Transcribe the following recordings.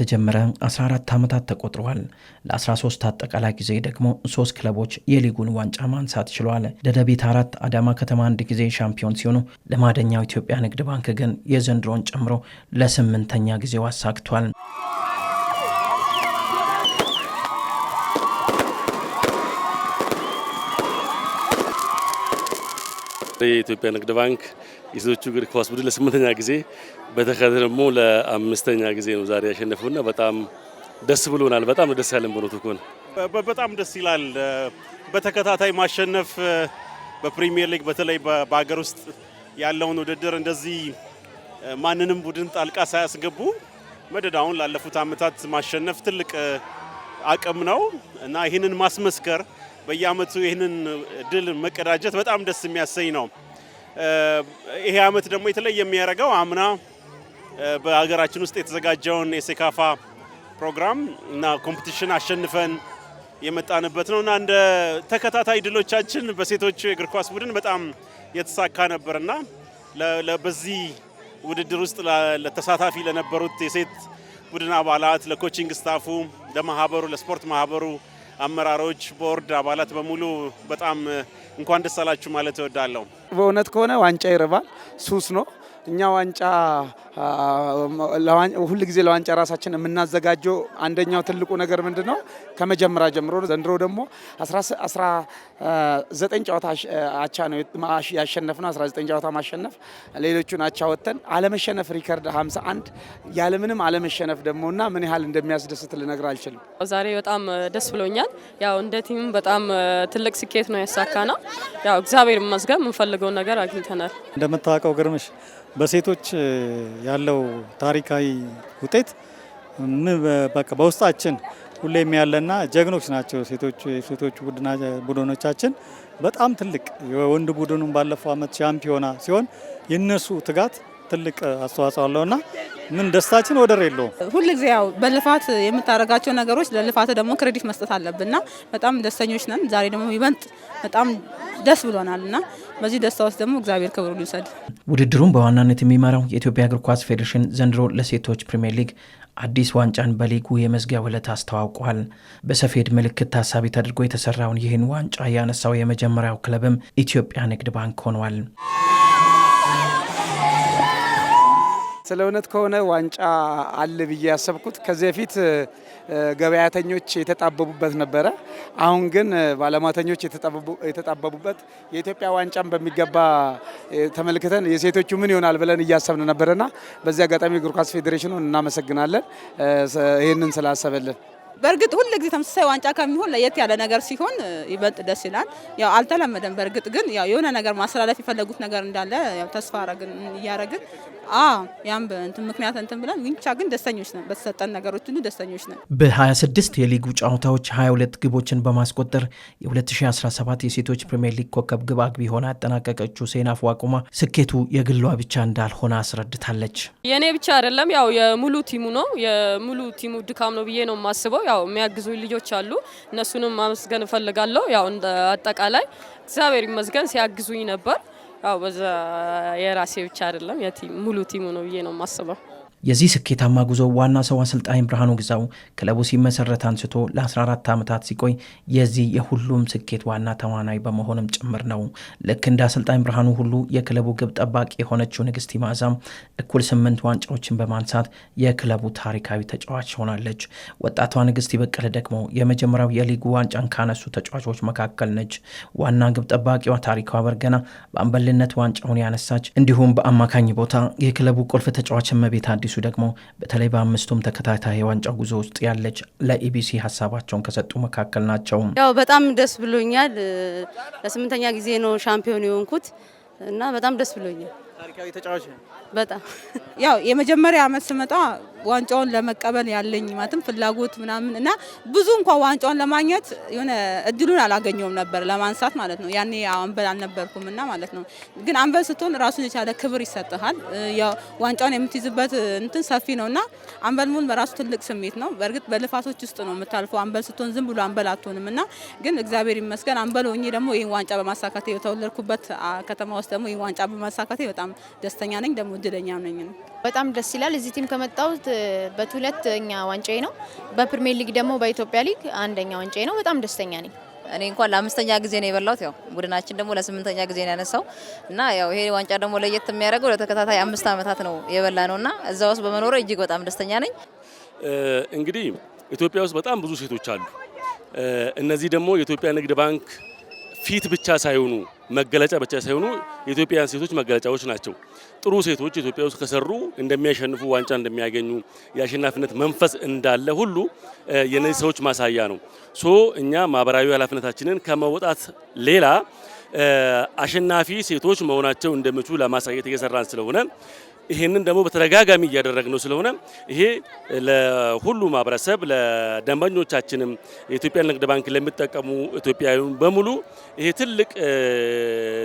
ከተጀመረ 14 ዓመታት ተቆጥረዋል። ለ13 አጠቃላይ ጊዜ ደግሞ ሶስት ክለቦች የሊጉን ዋንጫ ማንሳት ችለዋል። ደደቢት አራት፣ አዳማ ከተማ አንድ ጊዜ ሻምፒዮን ሲሆኑ ለማደኛው ኢትዮጵያ ንግድ ባንክ ግን የዘንድሮን ጨምሮ ለስምንተኛ ጊዜው አሳክቷል። የኢትዮጵያ ንግድ ባንክ የሴቶቹ እግር ኳስ ቡድን ለስምንተኛ ጊዜ በተከታታይ ደግሞ ለአምስተኛ ጊዜ ነው ዛሬ ያሸነፉና በጣም ደስ ብሎናል። በጣም ደስ ያለን በኖቱ ኮን በጣም ደስ ይላል። በተከታታይ ማሸነፍ በፕሪሚየር ሊግ በተለይ በሀገር ውስጥ ያለውን ውድድር እንደዚህ ማንንም ቡድን ጣልቃ ሳያስገቡ መደዳውን ላለፉት አመታት ማሸነፍ ትልቅ አቅም ነው እና ይህንን ማስመስከር በየአመቱ ይህንን ድል መቀዳጀት በጣም ደስ የሚያሰኝ ነው። ይሄ አመት ደግሞ የተለየ የሚያደርገው አምና በሀገራችን ውስጥ የተዘጋጀውን የሴካፋ ፕሮግራም እና ኮምፒቲሽን አሸንፈን የመጣንበት ነው እና እንደ ተከታታይ ድሎቻችን በሴቶች የእግር ኳስ ቡድን በጣም የተሳካ ነበር እና በዚህ ውድድር ውስጥ ለተሳታፊ ለነበሩት የሴት ቡድን አባላት፣ ለኮቺንግ ስታፉ፣ ለማህበሩ፣ ለስፖርት ማህበሩ አመራሮች፣ ቦርድ አባላት በሙሉ በጣም እንኳን ደስ አላችሁ ማለት እወዳለሁ። በእውነት ከሆነ ዋንጫ ይርባል፣ ሱስ ነው። እኛ ዋንጫ ሁል ጊዜ ለዋንጫ ራሳችን የምናዘጋጀው አንደኛው ትልቁ ነገር ምንድን ነው? ከመጀመሪያ ጀምሮ ዘንድሮ ደግሞ 19 ጨዋታ አቻ ነው ያሸነፍ ነው። 19 ጨዋታ ማሸነፍ፣ ሌሎቹን አቻ ወጥተን አለመሸነፍ ሪከርድ 51 ያለምንም አለመሸነፍ ደግሞ እና ምን ያህል እንደሚያስደስት ልነግር አልችልም። ዛሬ በጣም ደስ ብሎኛል። ያው እንደ ቲምም በጣም ትልቅ ስኬት ነው ያሳካ ነው። ያው እግዚአብሔር ይመስገን የምንፈልገውን ነገር አግኝተናል። እንደምታውቀው ግርምሽ በሴቶች ያለው ታሪካዊ ውጤት በቃ በውስጣችን ሁሌም ያለና ጀግኖች ናቸው ሴቶች ሴቶቹ ቡድኖቻችን በጣም ትልቅ የወንድ ቡድኑን ባለፈው አመት ሻምፒዮና ሲሆን የነሱ ትጋት ትልቅ አስተዋጽኦ አለውና ምን ደስታችን ወደር የለውም። ጊዜ ያው በልፋት የምታደርጋቸው ነገሮች ለልፋት ደግሞ ክሬዲት መስጠት አለብንና በጣም ደስተኞች ነን። ዛሬ ደግሞ ይበልጥ በጣም ደስ ብሎናልና በዚህ ደስታ ውስጥ ደግሞ እግዚአብሔር ክብሩ ሊውሰድ። ውድድሩን በዋናነት የሚመራው የኢትዮጵያ እግር ኳስ ፌዴሬሽን ዘንድሮ ለሴቶች ፕሪምየር ሊግ አዲስ ዋንጫን በሊጉ የመዝጊያ ዕለት አስተዋውቋል። በሰፌድ ምልክት ታሳቢ ተደርጎ የተሰራውን ይህን ዋንጫ ያነሳው የመጀመሪያው ክለብም ኢትዮጵያ ንግድ ባንክ ሆኗል። ስለ እውነት ከሆነ ዋንጫ አለ ብዬ ያሰብኩት ከዚህ በፊት ገበያተኞች የተጣበቡበት ነበረ። አሁን ግን ባለሟተኞች የተጣበቡበት የኢትዮጵያ ዋንጫን በሚገባ ተመልክተን የሴቶቹ ምን ይሆናል ብለን እያሰብን ነበረና በዚህ አጋጣሚ እግር ኳስ ፌዴሬሽኑን እናመሰግናለን ይህንን ስላሰበልን። በእርግጥ ሁል ጊዜ ተመሳሳይ ዋንጫ ከሚሆን ለየት ያለ ነገር ሲሆን ይበልጥ ደስ ይላል። ያው አልተለመደም። በእርግጥ ግን ያው የሆነ ነገር ማስተላለፍ የፈለጉት ነገር እንዳለ ያው ተስፋ አረግን እያረግን አ ያም በእንትን ምክንያት እንትን ብለን ብቻ ግን ደስተኞች ነን። በተሰጠን ነገሮች ሁሉ ደስተኞች ነን። በ26 የሊጉ ጨዋታዎች 22 ግቦችን በማስቆጠር የ2017 የሴቶች ፕሪምየር ሊግ ኮከብ ግብ አግቢ ሆና ያጠናቀቀችው ሴናፍ ዋቁማ ስኬቱ የግሏ ብቻ እንዳልሆነ አስረድታለች። የእኔ ብቻ አይደለም፣ ያው የሙሉ ቲሙ ነው የሙሉ ቲሙ ድካም ነው ብዬ ነው የማስበው እፈልጋለሁ። ያው የሚያግዙኝ ልጆች አሉ፣ እነሱንም ማመስገን እፈልጋለሁ። ያው እንደ አጠቃላይ እግዚአብሔር ይመስገን ሲያግዙኝ ነበር። ያው በዛ የራሴ ብቻ አይደለም የቲም ሙሉ ቲሙ ነው ብዬ ነው የማስበው። የዚህ ስኬታማ ጉዞ ዋና ሰው አሰልጣኝ ብርሃኑ ግዛው ክለቡ ሲመሰረት አንስቶ ለ14 ዓመታት ሲቆይ የዚህ የሁሉም ስኬት ዋና ተዋናይ በመሆንም ጭምር ነው። ልክ እንደ አሰልጣኝ ብርሃኑ ሁሉ የክለቡ ግብ ጠባቂ የሆነችው ንግስቲ ማዛም እኩል ስምንት ዋንጫዎችን በማንሳት የክለቡ ታሪካዊ ተጫዋች ሆናለች። ወጣቷ ንግስት በቀለ ደግሞ የመጀመሪያው የሊጉ ዋንጫን ካነሱ ተጫዋቾች መካከል ነች። ዋና ግብ ጠባቂዋ ታሪካዋ በርገና በአምበልነት ዋንጫውን ያነሳች እንዲሁም በአማካኝ ቦታ የክለቡ ቁልፍ ተጫዋች መቤት ። አዲሱ አዲሱ ደግሞ በተለይ በአምስቱም ተከታታይ የዋንጫ ጉዞ ውስጥ ያለች ለኢቢሲ ሀሳባቸውን ከሰጡ መካከል ናቸው። ያው በጣም ደስ ብሎኛል። ለስምንተኛ ጊዜ ነው ሻምፒዮን የሆንኩት እና በጣም ደስ ብሎኛል። ታሪካዊ ተጫዋች ነው በጣም ያው የመጀመሪያ አመት ስመጣ ዋንጫውን ለመቀበል ያለኝ ማለትም ፍላጎት ምናምን እና ብዙ እንኳ ዋንጫውን ለማግኘት የሆነ እድሉን አላገኘውም ነበር ለማንሳት ማለት ነው። ያኔ አንበል አልነበርኩም እና ማለት ነው። ግን አንበል ስትሆን ራሱን የቻለ ክብር ይሰጥሃል። ዋንጫውን የምትይዝበት እንትን ሰፊ ነው እና አንበል መሆን በራሱ ትልቅ ስሜት ነው። በእርግጥ በልፋቶች ውስጥ ነው የምታልፈው። አንበል ስትሆን ዝም ብሎ አንበል አትሆንም እና ግን እግዚአብሔር ይመስገን አንበል ሆኜ ደግሞ ይህን ዋንጫ በማሳካቴ የተወለድኩበት ከተማ ውስጥ ደግሞ ይህን ዋንጫ በማሳካቴ በጣም ደስተኛ ነኝ። ደግሞ እድለኛ ነኝ ነው። በጣም ደስ ይላል። እዚህ ቲም ከመጣሁት በት ሁለተኛ ዋንጫዬ ነው። በፕሪሚየር ሊግ ደግሞ በኢትዮጵያ ሊግ አንደኛ ዋንጫዬ ነው። በጣም ደስተኛ ነኝ። እኔ እንኳን ለአምስተኛ ጊዜ ነው የበላሁት። ያው ቡድናችን ደግሞ ለስምንተኛ ጊዜ ነው ያነሳው እና ያው ይሄ ዋንጫ ደግሞ ለየት የሚያደርገው ለተከታታይ አምስት ዓመታት ነው የበላ ነው እና እዛ ውስጥ በመኖረ እጅግ በጣም ደስተኛ ነኝ። እንግዲህ ኢትዮጵያ ውስጥ በጣም ብዙ ሴቶች አሉ። እነዚህ ደግሞ የኢትዮጵያ ንግድ ባንክ ፊት ብቻ ሳይሆኑ መገለጫ ብቻ ሳይሆኑ የኢትዮጵያውያን ሴቶች መገለጫዎች ናቸው። ጥሩ ሴቶች ኢትዮጵያ ውስጥ ከሰሩ እንደሚያሸንፉ፣ ዋንጫ እንደሚያገኙ፣ የአሸናፊነት መንፈስ እንዳለ ሁሉ የነዚህ ሰዎች ማሳያ ነው። ሶ እኛ ማህበራዊ ኃላፊነታችንን ከመውጣት ሌላ አሸናፊ ሴቶች መሆናቸው እንደምቹ ለማሳየት እየሰራን ስለሆነ ይሄንን ደግሞ በተደጋጋሚ እያደረግነው ስለሆነ ይሄ ለሁሉ ማህበረሰብ ለደንበኞቻችንም የኢትዮጵያ ንግድ ባንክ ለሚጠቀሙ ኢትዮጵያውያን በሙሉ ይሄ ትልቅ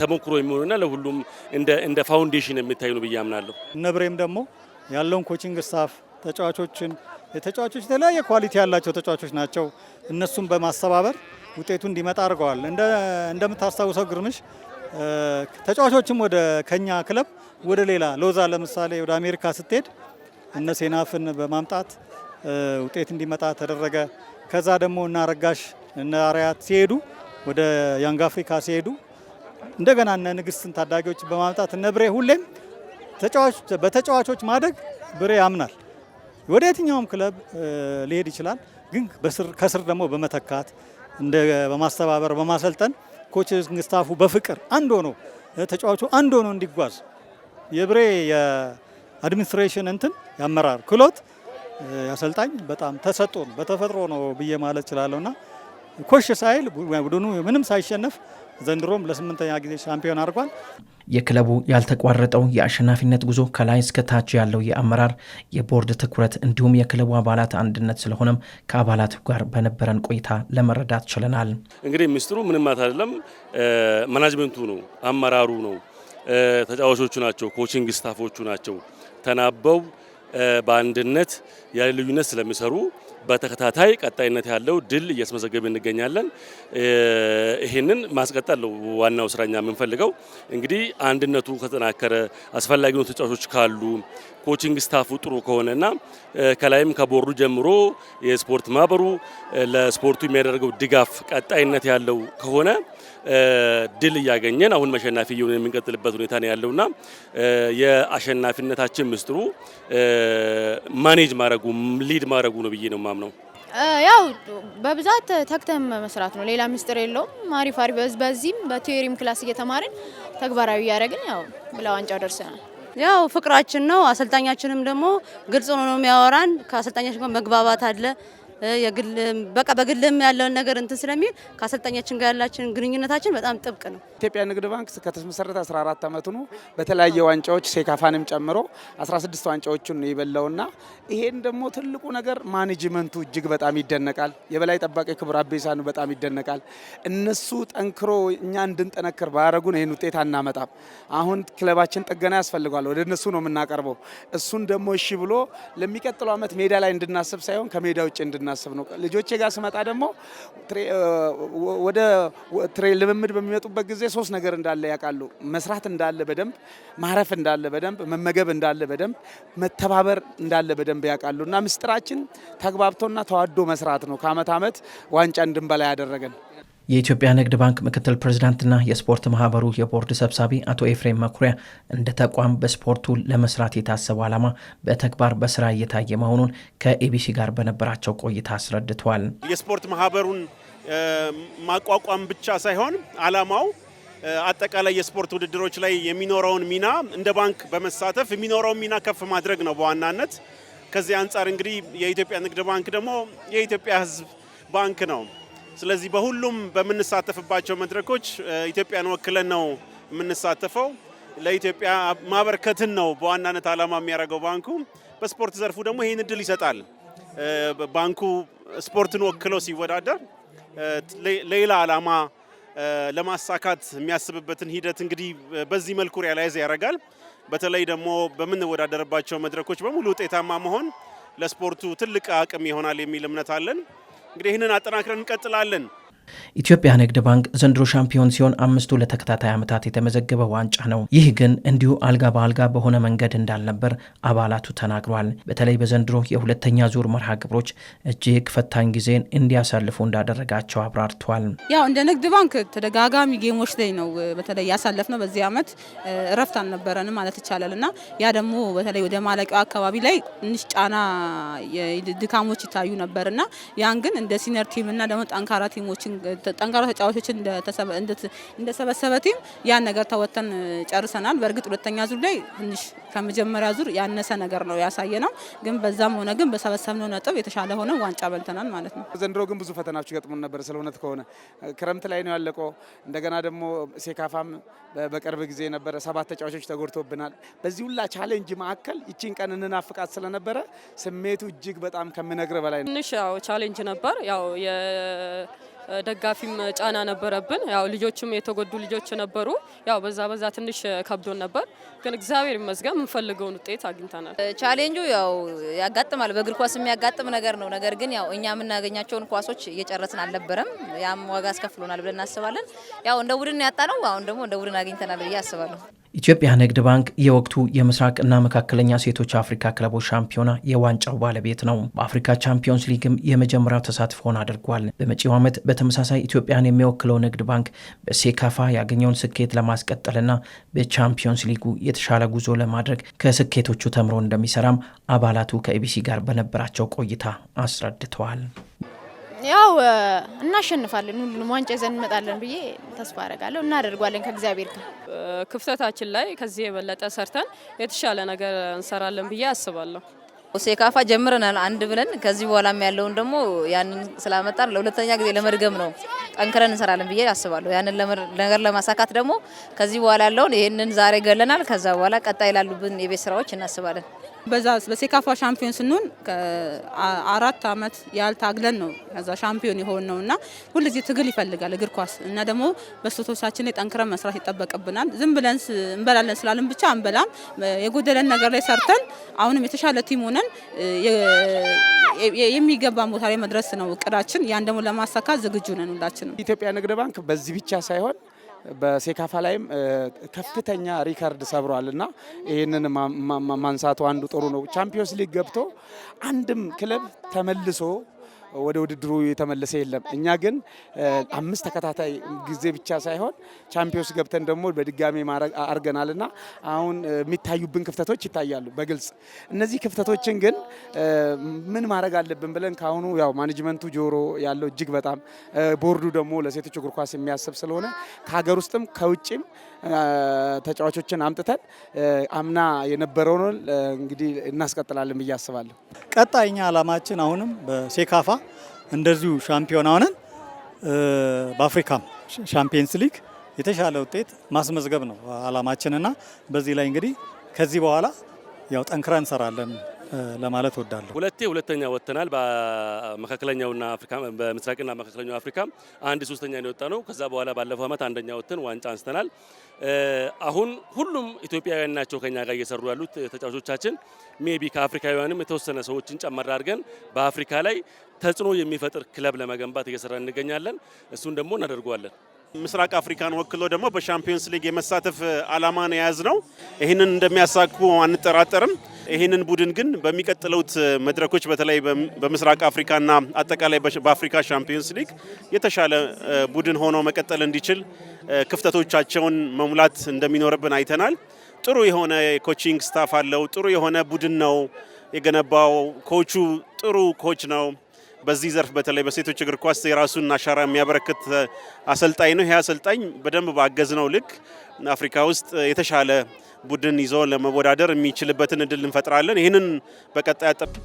ተሞክሮ የሚሆንና ለሁሉም እንደ ፋውንዴሽን የሚታይ ነው ብዬ አምናለሁ። ነብሬም ደግሞ ያለውን ኮቺንግ ስታፍ ተጫዋቾችን ተጫዋቾች የተለያየ ኳሊቲ ያላቸው ተጫዋቾች ናቸው። እነሱን በማስተባበር ውጤቱ እንዲመጣ አድርገዋል። እንደምታስታውሰው ግርምሽ ተጫዋቾችም ወደ ከኛ ክለብ ወደ ሌላ ሎዛ ለምሳሌ ወደ አሜሪካ ስትሄድ እነ ሴናፍን በማምጣት ውጤት እንዲመጣ ተደረገ። ከዛ ደግሞ እነ አረጋሽ እነ አርያት ሲሄዱ ወደ ያንግ አፍሪካ ሲሄዱ እንደገና እነ ንግስትን ታዳጊዎች በማምጣት እነ ብሬ ሁሌም በተጫዋቾች ማደግ ብሬ ያምናል። ወደ የትኛውም ክለብ ሊሄድ ይችላል፣ ግን ከስር ደግሞ በመተካት እንደ በማስተባበር በማሰልጠን ኮችንግ ንግስታፉ በፍቅር አንድ ሆኖ ተጫዋቹ አንድ ሆኖ እንዲጓዝ የብሬ የአድሚኒስትሬሽን እንትን ያመራር ክህሎት ያሰልጣኝ በጣም ተሰጥቶ ነው በተፈጥሮ ነው ብዬ ማለት እችላለሁ። እና ኮሽ ሳይል ቡድኑ ምንም ሳይሸነፍ ዘንድሮም ለስምንተኛ ጊዜ ሻምፒዮን አድርጓል። የክለቡ ያልተቋረጠው የአሸናፊነት ጉዞ ከላይ እስከ ታች ያለው የአመራር የቦርድ ትኩረት እንዲሁም የክለቡ አባላት አንድነት ስለሆነም ከአባላቱ ጋር በነበረን ቆይታ ለመረዳት ችለናል። እንግዲህ ሚኒስትሩ ምንም አይደለም፣ ማናጅመንቱ ነው፣ አመራሩ ነው ተጫዋቾቹ ናቸው፣ ኮችንግ ስታፎቹ ናቸው ተናበው በአንድነት ያለ ልዩነት ስለሚሰሩ በተከታታይ ቀጣይነት ያለው ድል እያስመዘገብ እንገኛለን። ይህንን ማስቀጠል ነው ዋናው ስራኛ የምንፈልገው። እንግዲህ አንድነቱ ከተጠናከረ፣ አስፈላጊ ተጫዋቾች ካሉ፣ ኮቺንግ ስታፉ ጥሩ ከሆነና ከላይም ከቦርዱ ጀምሮ የስፖርት ማህበሩ ለስፖርቱ የሚያደርገው ድጋፍ ቀጣይነት ያለው ከሆነ ድል እያገኘን አሁን መሸናፊ እየሆነ የምንቀጥልበት ሁኔታ ነው ያለውና የአሸናፊነታችን ምስጢሩ ማኔጅ ማድረጉ ሊድ ማድረጉ ነው ብዬ ነው ማምነው። ያው በብዛት ተግተም መስራት ነው፣ ሌላ ምስጢር የለውም። አሪፍ አሪፍ በዚህም በቲዮሪም ክላስ እየተማርን ተግባራዊ እያደረግን ያው ብለ ደርሰናል። ያው ፍቅራችን ነው። አሰልጣኛችንም ደግሞ ግልጽ ነው የሚያወራን። ከአሰልጣኛችን ጋር መግባባት አለ። በቃ በግልም ያለውን ነገር እንትን ስለሚል ከአሰልጣኛችን ጋር ያላችን ግንኙነታችን በጣም ጥብቅ ነው። ኢትዮጵያ ንግድ ባንክ ከተመሰረተ 14 ዓመቱ ነው። በተለያየ ዋንጫዎች ሴካፋንም ጨምሮ 16 ዋንጫዎቹን የበላውና ይሄን ደግሞ ትልቁ ነገር ማኔጅመንቱ እጅግ በጣም ይደነቃል። የበላይ ጠባቂ ክቡር አቤሳኑ በጣም ይደነቃል። እነሱ ጠንክሮ እኛ እንድንጠነክር ባያረጉን ይህን ውጤት አናመጣም። አሁን ክለባችን ጥገና ያስፈልገዋል። ወደ እነሱ ነው የምናቀርበው። እሱን ደግሞ እሺ ብሎ ለሚቀጥለው ዓመት ሜዳ ላይ እንድናስብ ሳይሆን ከሜዳ ውጭ እንድና ስለምናስብ ነው። ልጆቼ ጋር ስመጣ ደግሞ ወደ ልምምድ በሚመጡበት ጊዜ ሶስት ነገር እንዳለ ያውቃሉ። መስራት እንዳለ በደንብ ማረፍ እንዳለ በደንብ መመገብ እንዳለ በደንብ መተባበር እንዳለ በደንብ ያውቃሉ። እና ምስጢራችን ተግባብቶና ተዋዶ መስራት ነው ከአመት አመት ዋንጫ እንድንበላ ያደረገን የኢትዮጵያ ንግድ ባንክ ምክትል ፕሬዚዳንትና የስፖርት ማህበሩ የቦርድ ሰብሳቢ አቶ ኤፍሬም መኩሪያ እንደ ተቋም በስፖርቱ ለመስራት የታሰበው ዓላማ በተግባር በስራ እየታየ መሆኑን ከኤቢሲ ጋር በነበራቸው ቆይታ አስረድተዋል። የስፖርት ማህበሩን ማቋቋም ብቻ ሳይሆን ዓላማው አጠቃላይ የስፖርት ውድድሮች ላይ የሚኖረውን ሚና እንደ ባንክ በመሳተፍ የሚኖረውን ሚና ከፍ ማድረግ ነው በዋናነት። ከዚህ አንጻር እንግዲህ የኢትዮጵያ ንግድ ባንክ ደግሞ የኢትዮጵያ ሕዝብ ባንክ ነው። ስለዚህ በሁሉም በምንሳተፍባቸው መድረኮች ኢትዮጵያን ወክለን ነው የምንሳተፈው። ለኢትዮጵያ ማበርከትን ነው በዋናነት ዓላማ የሚያደርገው ባንኩ። በስፖርት ዘርፉ ደግሞ ይህን እድል ይሰጣል። ባንኩ ስፖርትን ወክሎ ሲወዳደር ሌላ ዓላማ ለማሳካት የሚያስብበትን ሂደት እንግዲህ በዚህ መልኩ ሪያላይዝ ያደርጋል። በተለይ ደግሞ በምንወዳደርባቸው መድረኮች በሙሉ ውጤታማ መሆን ለስፖርቱ ትልቅ አቅም ይሆናል የሚል እምነት አለን። እንግዲህ ይህንን አጠናክረን እንቀጥላለን። ኢትዮጵያ ንግድ ባንክ ዘንድሮ ሻምፒዮን ሲሆን አምስቱ ለተከታታይ ዓመታት የተመዘገበ ዋንጫ ነው። ይህ ግን እንዲሁ አልጋ በአልጋ በሆነ መንገድ እንዳልነበር አባላቱ ተናግሯል። በተለይ በዘንድሮ የሁለተኛ ዙር መርሃ ግብሮች እጅግ ፈታኝ ጊዜን እንዲያሳልፉ እንዳደረጋቸው አብራርተዋል። ያው እንደ ንግድ ባንክ ተደጋጋሚ ጌሞች ላይ ነው በተለይ ነው። በዚህ ዓመት እረፍት አልነበረንም ማለት ይቻላል እና ያ ደግሞ በተለይ ወደ ማለቂያው አካባቢ ላይ ትንሽ ጫና ድካሞች ይታዩ ነበር እና ያን ግን እንደ ሲነር ቲም እና ደግሞ ጠንካራ ቲሞችን ጠንካራ ተጫዋቾችን እንደሰበሰበ ቲም ያን ነገር ተወተን ጨርሰናል። በእርግጥ ሁለተኛ ዙር ላይ ትንሽ ከመጀመሪያ ዙር ያነሰ ነገር ነው ያሳየ ነው፣ ግን በዛም ሆነ ግን በሰበሰብነው ነጥብ የተሻለ ሆነ ዋንጫ በልተናል ማለት ነው። ዘንድሮ ግን ብዙ ፈተናዎች ገጥሞን ነበር። ስለ እውነት ከሆነ ክረምት ላይ ነው ያለቀው። እንደገና ደግሞ ሴካፋም በቅርብ ጊዜ ነበረ፣ ሰባት ተጫዋቾች ተጎድቶብናል። በዚህ ሁላ ቻሌንጅ መካከል ይቺን ቀን እንናፍቃት ስለነበረ ስሜቱ እጅግ በጣም ከምነግር በላይ ነው። ትንሽ ያው ቻሌንጅ ነበር ያው ደጋፊም ጫና ነበረብን። ያው ልጆችም የተጎዱ ልጆች ነበሩ። ያው በዛ በዛ ትንሽ ከብዶን ነበር፣ ግን እግዚአብሔር ይመስገን የምንፈልገውን ውጤት አግኝተናል። ቻሌንጁ ያው ያጋጥማል፣ በእግር ኳስ የሚያጋጥም ነገር ነው። ነገር ግን ያው እኛ የምናገኛቸውን ኳሶች እየጨረስን አልነበረም። ያም ዋጋ አስከፍሎናል ብለን እናስባለን። ያው እንደ ቡድን ያጣ ነው። አሁን ደግሞ እንደ ቡድን አግኝተናል ብዬ አስባለሁ። ኢትዮጵያ ንግድ ባንክ የወቅቱ የምስራቅና መካከለኛ ሴቶች አፍሪካ ክለቦች ሻምፒዮና የዋንጫው ባለቤት ነው። በአፍሪካ ቻምፒዮንስ ሊግም የመጀመሪያው ተሳትፎውን አድርጓል። በመጪው ዓመት በተመሳሳይ ኢትዮጵያን የሚወክለው ንግድ ባንክ በሴካፋ ያገኘውን ስኬት ለማስቀጠልና በቻምፒዮንስ ሊጉ የተሻለ ጉዞ ለማድረግ ከስኬቶቹ ተምሮ እንደሚሰራም አባላቱ ከኢቢሲ ጋር በነበራቸው ቆይታ አስረድተዋል። ያው እናሸንፋለን፣ ሁሉንም ዋንጫ ይዘን እንመጣለን ብዬ ተስፋ አረጋለሁ። እናደርጓለን ከእግዚአብሔር ጋር ክፍተታችን ላይ ከዚህ የበለጠ ሰርተን የተሻለ ነገር እንሰራለን ብዬ አስባለሁ። ሴካፋ ጀምረናል አንድ ብለን ከዚህ በኋላም ያለውን ደግሞ ያንን ስላመጣን ለሁለተኛ ጊዜ ለመድገም ነው ጠንክረን እንሰራለን ብዬ አስባለሁ። ያንን ነገር ለማሳካት ደግሞ ከዚህ በኋላ ያለውን ይህንን ዛሬ ገለናል። ከዛ በኋላ ቀጣይ ላሉብን የቤት ስራዎች እናስባለን። በዛ በሴካፋ ሻምፒዮን ስንሆን አራት ዓመት ያህል ታግለን ነው ከዛ ሻምፒዮን የሆን ነው እና ሁልጊዜ ትግል ይፈልጋል እግር ኳስ እና ደግሞ በስቶቶቻችን ላይ ጠንክረን መስራት ይጠበቅብናል። ዝም ብለን እንበላለን ስላለን ብቻ አንበላም። የጎደለን ነገር ላይ ሰርተን አሁንም የተሻለ ቲም ሆነን የሚገባን ቦታ ላይ መድረስ ነው እቅዳችን። ያን ደግሞ ለማሳካት ዝግጁ ነን ሁላችንም። ኢትዮጵያ ንግድ ባንክ በዚህ ብቻ ሳይሆን በሴካፋ ላይም ከፍተኛ ሪከርድ ሰብሯል እና ይህንን ማንሳቱ አንዱ ጥሩ ነው። ቻምፒዮንስ ሊግ ገብቶ አንድም ክለብ ተመልሶ ወደ ውድድሩ የተመለሰ የለም። እኛ ግን አምስት ተከታታይ ጊዜ ብቻ ሳይሆን ቻምፒዮንስ ገብተን ደግሞ በድጋሚ አድርገናልና አሁን የሚታዩብን ክፍተቶች ይታያሉ በግልጽ እነዚህ ክፍተቶችን ግን ምን ማድረግ አለብን ብለን ከአሁኑ ያው ማኔጅመንቱ ጆሮ ያለው እጅግ በጣም ቦርዱ ደግሞ ለሴቶች እግር ኳስ የሚያስብ ስለሆነ ከሀገር ውስጥም ከውጭም ተጫዋቾችን አምጥተን አምና የነበረውን እንግዲህ እናስቀጥላለን ብዬ አስባለሁ። ቀጣይኛ አላማችን አሁንም በሴካፋ እንደዚሁ ሻምፒዮን ሆነን በአፍሪካም ሻምፒየንስ ሊግ የተሻለ ውጤት ማስመዝገብ ነው አላማችንና በዚህ ላይ እንግዲህ ከዚህ በኋላ ያው ጠንክራ እንሰራለን። ለማለት ወዳለሁ። ሁለቴ ሁለተኛ ወጥተናል። በመካከለኛውና አፍሪካ በምስራቅና መካከለኛው አፍሪካ አንድ ሶስተኛ ነው የወጣ ነው። ከዛ በኋላ ባለፈው አመት አንደኛ ወጥተን ዋንጫ አንስተናል። አሁን ሁሉም ኢትዮጵያውያን ናቸው ከኛ ጋር እየሰሩ ያሉት ተጫዋቾቻችን። ሜቢ ከአፍሪካውያንም የተወሰነ ሰዎችን ጨመር አድርገን በአፍሪካ ላይ ተጽዕኖ የሚፈጥር ክለብ ለመገንባት እየሰራ እንገኛለን። እሱን ደግሞ እናደርገዋለን። ምስራቅ አፍሪካን ወክሎ ደግሞ በሻምፒዮንስ ሊግ የመሳተፍ አላማን የያዝ ነው። ይህንን እንደሚያሳኩ አንጠራጠርም። ይህንን ቡድን ግን በሚቀጥሉት መድረኮች በተለይ በምስራቅ አፍሪካና አጠቃላይ በአፍሪካ ሻምፒዮንስ ሊግ የተሻለ ቡድን ሆኖ መቀጠል እንዲችል ክፍተቶቻቸውን መሙላት እንደሚኖርብን አይተናል። ጥሩ የሆነ የኮቺንግ ስታፍ አለው። ጥሩ የሆነ ቡድን ነው የገነባው። ኮቹ ጥሩ ኮች ነው። በዚህ ዘርፍ በተለይ በሴቶች እግር ኳስ የራሱን አሻራ የሚያበረክት አሰልጣኝ ነው። ይህ አሰልጣኝ በደንብ ባገዝ ነው ልክ አፍሪካ ውስጥ የተሻለ ቡድን ይዞ ለመወዳደር የሚችልበትን እድል እንፈጥራለን። ይህንን በቀጣይ